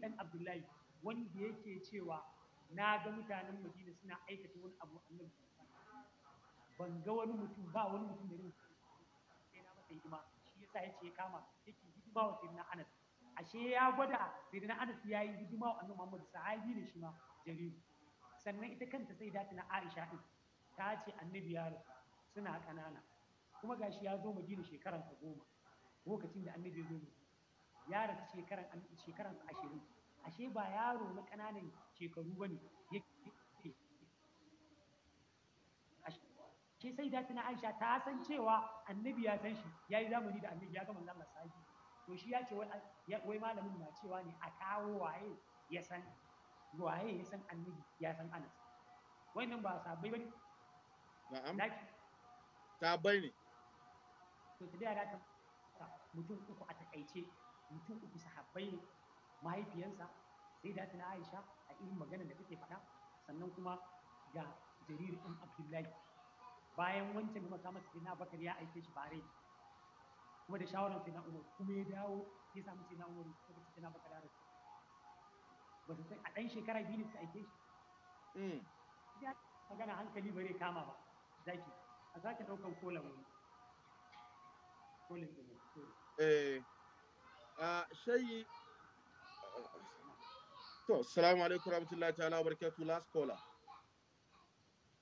dan abdullahi wanda yake cewa na ga mutanen madina suna aikata wani abu annabi ban ga wani mutum ba wani mutum da sai na masa hidima shi yasa yace ya kama yake hidima wa sayyidina Anas ashe ya gwada sayyidina Anas ya yi hidima wa annabi Muhammad sahabi ne shi ma jariru sannan ita kanta sai da na Aisha din ta ce annabi ya rasu suna kanana kuma gashi ya zo madina shekaran sa goma lokacin da annabi ya zo ya rasu shekaran shekaran ashirin ashe ba yaro na kananan shekaru ba ne yake ke sai da tana Aisha ta san cewa annabi ya san shi ya yi zamani da annabi ya ga manzon Allah sahi to shi ya ce wai malamin na cewa ne a kawo waye ya san waye ya san annabi ya san Anas wannan ba sabai bane na'am bai ne to ta da ta mutum uku a takaice mutum uku sahabbai ne mahaifiyansa sai da tana Aisha irin maganar da take faɗa sannan kuma ga jarir ɗin abdullahi bayan wancan da maka masa na bakar ya aike shi bare kuma da shawaran na umar kuma ya dawo ya samu sai na umar suka sai na bakar ya rasu ba su sai a ɗan shekara biyu ne suka aike shi hmm. ya magana hankali bare kama ba zaki a zaki ɗaukan kolan wani kolin da ne eh shayi To, salamu alaikum rahmatullahi ta'ala barkatu last caller.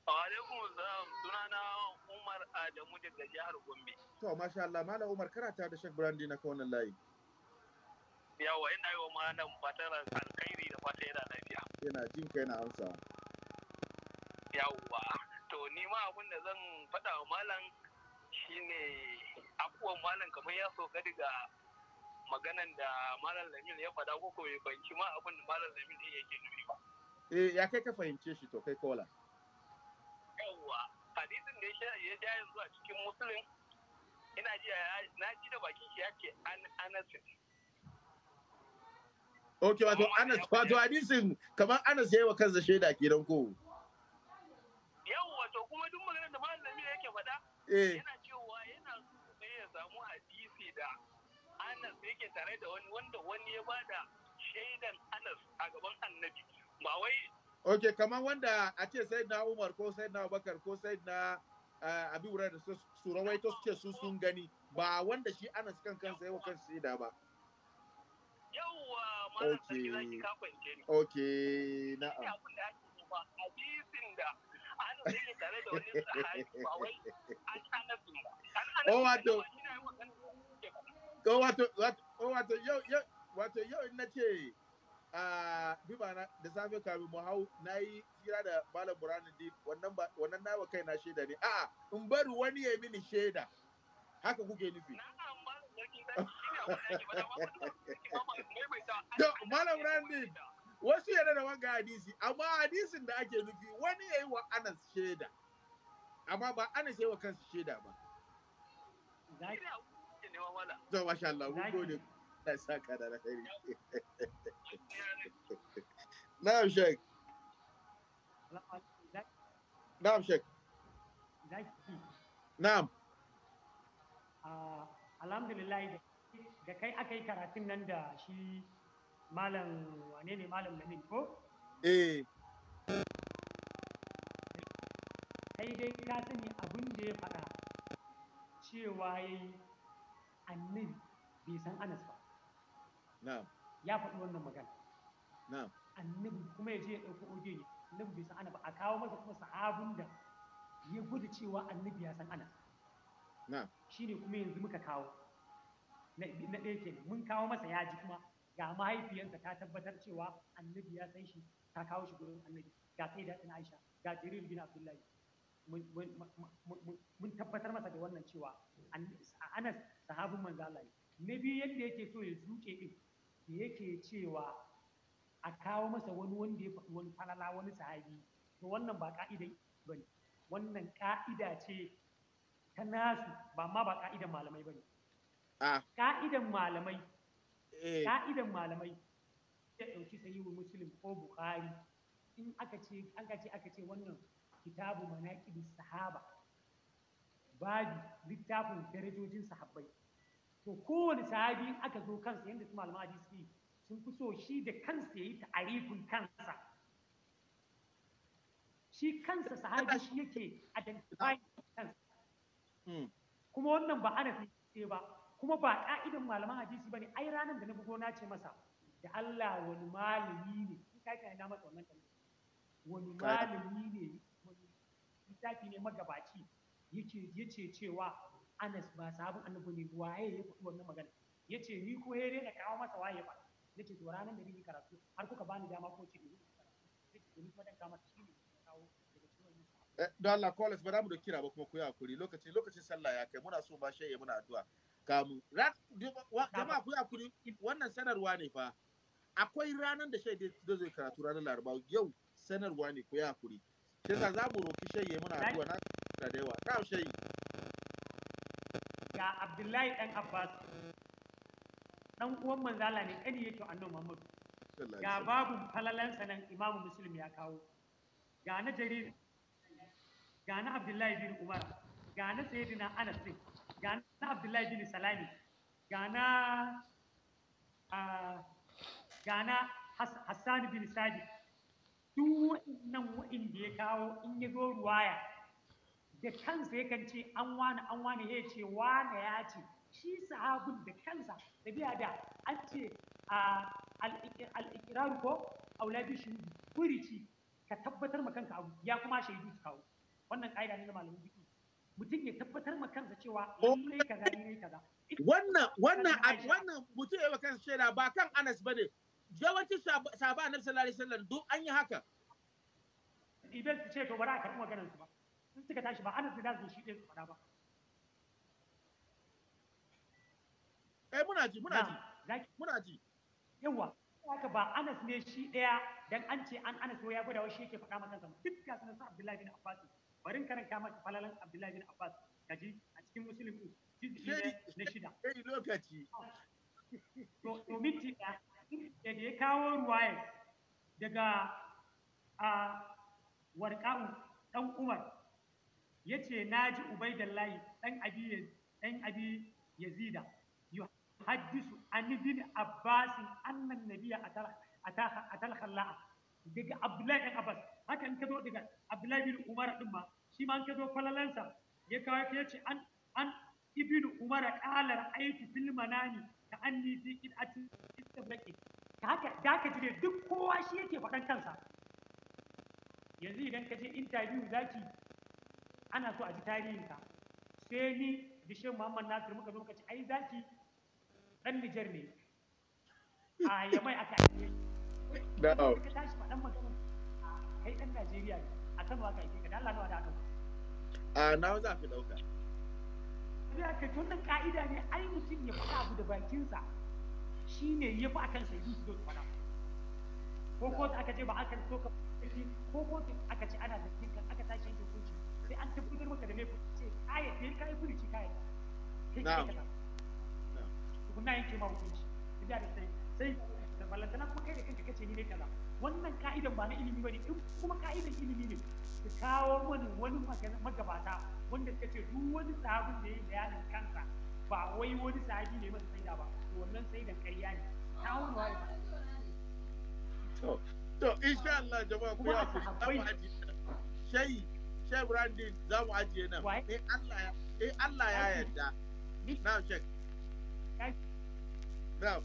Alaikum salam sunana Umar Adamu daga jihar Gombe. To, masha Allah, Malam Umar kana ta da Sheikh Brandi na kawanan layi. Yawa ina yi wa malam fatar alkhairi da fata yana lafiya. Yana jin kai na amsa. Yawa, to ni ma abin da zan faɗa wa malam shine abubuwan malam kamar ya soka daga maganan da malam Lamin ya faɗa ko bai fahimci ma abin da malam Lamin ɗin yake nufi ba. Eh ya kai ka fahimce shi to kai kola. Yawwa hadisin da ya sha yanzu a cikin musulun ina ji na ji da bakin shi yake an Anas. Ok wato Anas wato hadisin kamar Anas ya yi wa kansa shaida kenan ko. Yawwa to kuma duk maganar da malam Lamin yake faɗa. Eh. yake tare da wani wanda wani ya bada shaidan anas a gaban annabi ba wai ok kamar wanda a ce sai na umar ko sai na bakar ko sai na eh, Abu wurar da su rawaito su ce su sun gani ba wanda shi anas kan kansa yawa kan shaida ba yawwa malam sarki zaki ka kwance ni ok na'am abin da ake ba hadisin da an zai tare da wani sahabi ba wai an anas ba oh wato wato wato yau wato yau na ce a duba na da safe kafin mu hau na yi hira da malam burani di wannan ba wannan nawa kai na shaida ne a'a in bari wani ya mini shaida haka kuke nufi malam burani wasu yana da wanga hadisi amma hadisin da ake nufi wani ya yi wa anas shaida amma ba anas ya wa kansa shaida ba ne wa mala to masha Allah mun gode saka da alheri na'am na'am na'am ah, alhamdulillah da kai karatun nan da shi malam wane ne malam lamin ko eh kai dai ka sani abin da ya faɗa cewa yayi annabi bai san anas ba ya faɗi wannan magana annabi kuma ya je ya ɗauko oge ne annabi bai san anas ba a kawo masa kuma sahabun da ya gudu cewa annabi ya san anas shi ne kuma yanzu muka kawo na ɗaya ke mun kawo masa ya ji kuma ga mahaifiyarsa ta tabbatar cewa annabi ya san shi ta kawo shi gurin annabi ga sai da aisha ga jirir bin abdullahi mun tabbatar masa da wannan cewa anas sahabin manzo Allah ne na biyu yadda yake so ya zuke din da yake cewa a kawo masa wani wanda ya faɗi wani falala wani sahabi to wannan ba ka'idan ba ne wannan ka'ida ce ta nasu ba ma ba ka'idan malamai ba ne ka'idan malamai ka'idan eh. malamai ya ɗauki sahihu muslim ko bukhari in aka ce aka ce wannan kitabu manaqib sahaba babi littafin darajojin sahabbai to kowane sahabi aka zo kansa yadda su malama hadisi sun fi so shi da kansa yayi ta'arifin kansa shi kansa sahabi shi yake identify kansa hmm. kuma wannan ba fi ce ba kuma ba ka'idan malaman hadisi bane ai ranar da na bugo na ce masa da Allah wani malami ne in ka na masa wannan wani malami ne littafi ne magabaci yake yace cewa Anas ba sabon annabi ne waye ya faɗi wannan magana yace ni ko ya rena kawo masa waye ba yace to ranar da ni karatu har kuka bani dama ko ce ni kuma dan kama shi ne kawo daga eh, don Allah kolas ba za mu da kira ba kuma ku yi hakuri lokacin lokacin sallah ya kai muna so ba shayye muna addu'a kamu jama'a ku yi hakuri wannan sanarwa ne fa akwai ranar da shaidai zai karatu ranar laraba yau sanarwa ne ku yi hakuri shi za mu roki shayye muna addu'a na da yawa ka shayye ga Abdullahi dan Abbas dan uwan manzala ne kani yake annabi Muhammad ga babu falalan sanan Imam Muslim ya kawo ga na jarir ga na Abdullahi bin Umar ga na Sayyidina Anas din ga na Abdullahi bin Salami ga na ah, ga na Hassan bin Sadiq duk waɗannan waɗanda ya kawo in ya zo ruwaya da kansa yakan ce an wani an wani ya ce wani ya ce shi sahabin da kansa da biya da an ce a al'ikirar ko aulabi shi furici ka tabbatar ma kanka abu ya kuma shaidu su kawo wannan ƙa'ida ne na malamin biki mutum ya tabbatar ma kansa cewa lallai kaza ne kaza wannan wannan wannan mutum ya kansa shaida ba kan Anas bane yawancin sahaba annabi sallallahu alaihi wasallam duk an yi haka idan su ce to ba ka a ganin su ba in suka tashi ba anas da su shi ɗin su faɗa ba eh muna ji muna ji muna ji yawa haka ba anas ne shi ɗaya dan an ce an anas ya gwada wa shi yake faɗa maka zama duk ga sunan sa abdullahi bin abbas barin karanta maka falalan abdullahi bin abbas kaji a cikin musulmi jizgi ne shida lokaci to minti ɗaya da ya kawo ruwaya daga a warƙa'u ɗan umar ya ce na ji ubaidallahi ɗan abi ɗan abi yazida yuhaddisu an ibn abbas annan nabiyya ataka atalkhalla daga abdullahi ɗan abbas haka in ka zo daga abdullahi bin umar din ma shi ma in ka zo falalansa ya kawo ya ce an an ibn umar qala ra'aytu fil manami ka ni fi kid'ati istabraqi haka da ka ji duk kowa shi yake faɗan kansa yanzu idan ka je interview zaki ana so a ji tarihinka sai ni da shehu muhammad nasir muka zo muka ce ai zaki dan nijar ne a yamai aka ajiye ka tashi faɗan magana kai dan najeriya ne a kan waka ake ka da allah nawa da aka a na za ka ɗauka sai aka tunan ka'ida ne ai mutum ya faɗa abu da bakinsa ne ya fi akan shaidu su zo su faɗa ko ko aka ce ba aka so ka ko ko aka ce ana da kan aka tashi yanke hukunci sai an tabbatar maka da laifin ce kaya sai ka yi furuci kaya kai ka ta tukunna yanke ma hukunci sai sai da ballantana kuma kai da kanka kace ni ne kaza wannan ka'idan ba na ilimi ba ne in kuma ka'idan ilimi ne su kawo mana wani magabata wanda suka ce duk wani sahabin da ya yi bayanin kansa ba wai wani sahabi ne masa saida ba to wannan saidan ƙarya ne ta wani wani to to insha Allah jama'a ku ya ku shayi shayi brandin za mu ajiye nan eh Allah ya yarda na shek na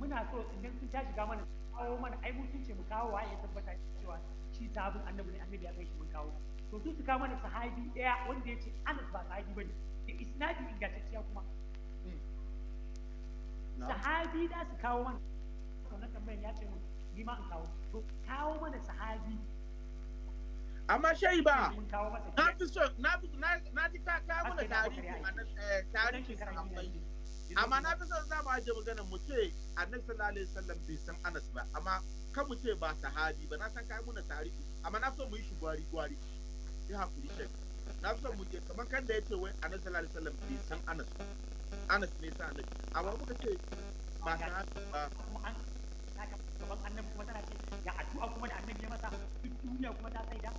muna so idan sun ta shiga mana kawo mana ai mun ce mu kawo wa ya tabbata cewa shi sabon annabi ne annabi ya kai shi mun kawo to su suka mana sahabi daya wanda ya ce Anas ba sahabi bane da isnadi ingantacciya kuma sahabi da su kawo mana na tambayan ya ce mu ni ma in kawo to kawo mana sahabi amma shai ba na fi so na ji ka kawo mana tarihi eh, tarihi sahabi amma na fi son zama mu aje magana mu ce annabi sallallahu alaihi wasallam bai san Anas ba amma kan mu ce ba sahabi ba na san kai muna tarihi amma na fi son mu yi shi gwari gwari ya hakuri shi na fi son mu ce kamar kan da yace wai annabi sallallahu alaihi wasallam bai san Anas Anas ne sa Anas amma muka ce ba sahabi ba gaban annabi kuma tana ce ya addu'a kuma da annabi ya masa duk duniya kuma ta sai da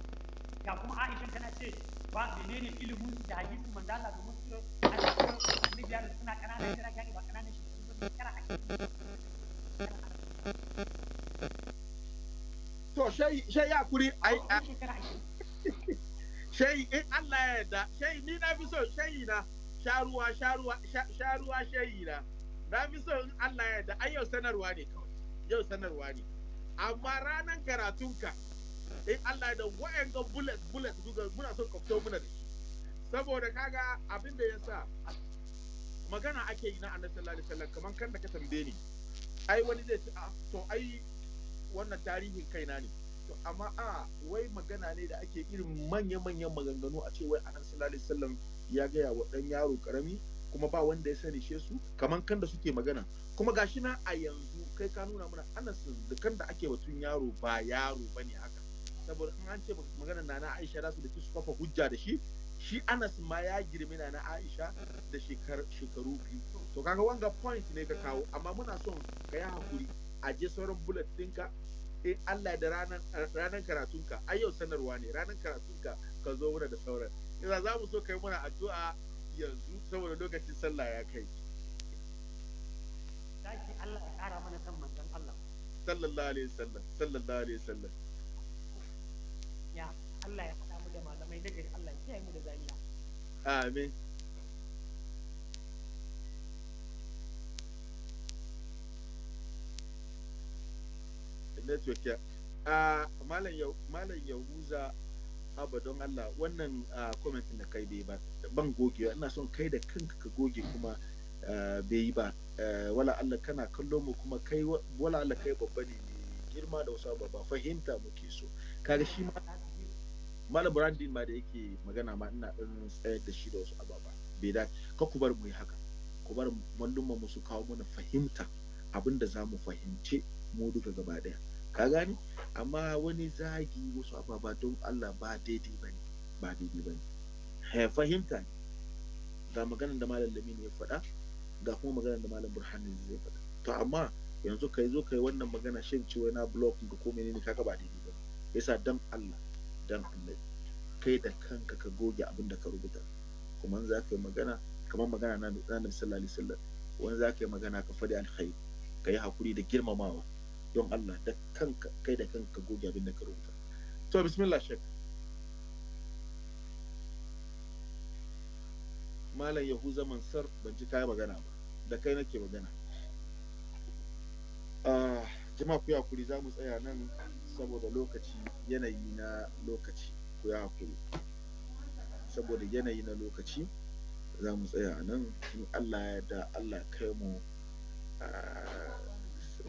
ya kuma Aisha tana ce ba menene ilimin da hadisin manzo Allah da musu a cikin annabi ya suna kananan kira gani ba kananan shi ba kira to shai shai ya kuri ai shai in Allah ya yarda shai ni na fi so shai na sharuwa sharuwa sharuwa shai na na fi so in Allah ya yarda ai yau sanarwa ne kawai yau sanarwa ne amma ranan karatunka in eh, Allah da ga bullet bullet duka muna son ka fito muna ne saboda kaga abin da yasa magana ake yi na annabi sallallahu alaihi wasallam kaman kan da ka tambaye ni ai wani zai ce a ah, to ai wannan tarihin kaina ne to amma a ah, wai magana ne da ake irin manya-manyan maganganu a ce wai annabi sallallahu alaihi wasallam ya gaya wa dan yaro karami kuma ba wanda ya sani shesu su kaman kan da suke magana kuma gashi na a yanzu kai ka nuna mana anasin da kan da ake batun yaro ba yaro bane haka saboda in an ce magana na na Aisha za su da su kafa hujja da shi shi Anas ma ya girmi na na Aisha da shekaru biyu to kaga wanga point ne ka kawo amma muna son ka yi hakuri a je sauran bullet ɗinka in Allah da ranar karatun karatunka ai yau sanarwa ne ranar karatunka ka zo muna da sauran ina za mu so kai muna addu'a yanzu saboda lokacin sallah ya kai Allah ya mana manzon Allah sallallahu alaihi wasallam sallallahu alaihi wasallam zamiya Allah ya faɗa mu da malamai Allah ya mu da amin network ya ah, malam yahuza haba don Allah wannan ah, comment da kai bai ba ban ina son kai da kanka ka goge kuma ah, bai yi ba wala Allah kana kallo mu kuma kai wala Allah kai babba ne mai girma da wasu ba fahimta muke so kaga shi ma malam branding ma da yake magana ma ina ɗan tsayar da shi da wasu ababa bai da ka ku bar mu yi haka ku bar mallumman mu su kawo mana fahimta abin da za mu fahimce mu duka gaba ɗaya ka gani amma wani zagi wasu ababa don Allah ba daidai bane ba daidai bane eh, fahimta ne ga maganar da malam Lamini ya faɗa ga kuma maganar da malam Burhanin zai faɗa to amma yanzu kai zo kai wannan magana shin ciwo na blog ga ko menene kaga ba daidai bane yasa dan Allah don annabi kai da kanka ka goge abin da ka rubuta kuma za ka yi magana kamar magana na annabi sallallahu alaihi wasallam wani za ka yi magana ka faɗi alkhairi ka yi hakuri da girmamawa don Allah da kanka kai da kanka goge abin da ka rubuta to bismillah shek malam yahuza mansar ban ji kai magana ba da kai nake magana ah, jama'a ku hakuri za mu tsaya nan saboda lokaci yanayi na lokaci ku ya hakuri saboda yanayi na lokaci za mu tsaya a nan in allah ya da allah kai mu a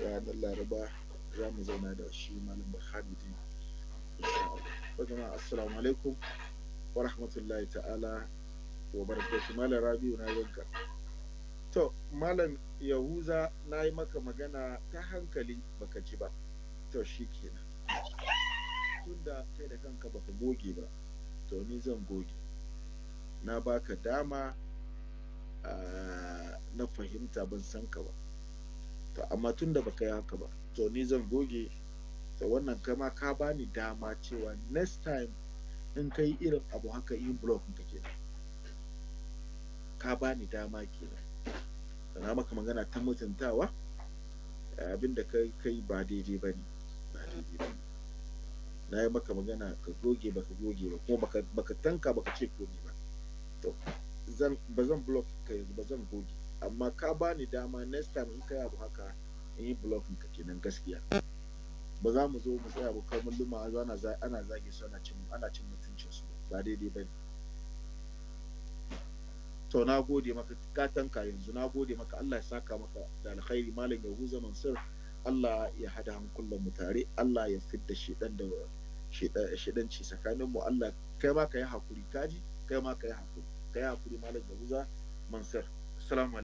ranar laraba za mu zauna da shi malam bukhari assalamu alaikum wa rahmatullahi ta'ala wa barakatuh malam rabiu na yanka to malam yahuza na yi maka magana ta hankali baka ji ba to shi kenan Tunda kai da kanka baka goge ba to ni zan goge na baka dama na fahimta ban san ka ba to amma tunda baka yi haka ba to ni zan goge to wannan kama ka bani dama cewa next time in ka irin abu haka in blog ka kenan ka bani dama kenan sana maka magana ta mutuntawa abinda kai kai ba daidai ba ne ba daidai ba na yi maka magana ka goge baka goge ba kuma baka, tanka baka ce komai ba to ba zan block ka yanzu ba zan goge amma ka ni dama next time in kai abu haka in yi blocking ka kenan gaskiya ba za mu zo mu tsaya ba kai luma ana ana zage su ana cin ana cin mutuncin su ba daidai bane to na gode maka ka tanka yanzu na gode maka Allah ya saka maka da alkhairi malam Yahuza Mansur Allah ya hada hankulan mu tare Allah ya fidda shedan da ci tsakanin mu Allah kai ma ka yi hakuri kaji kai ma ka yi hakuri ka hakuri malam Yahuza Mansur assalamu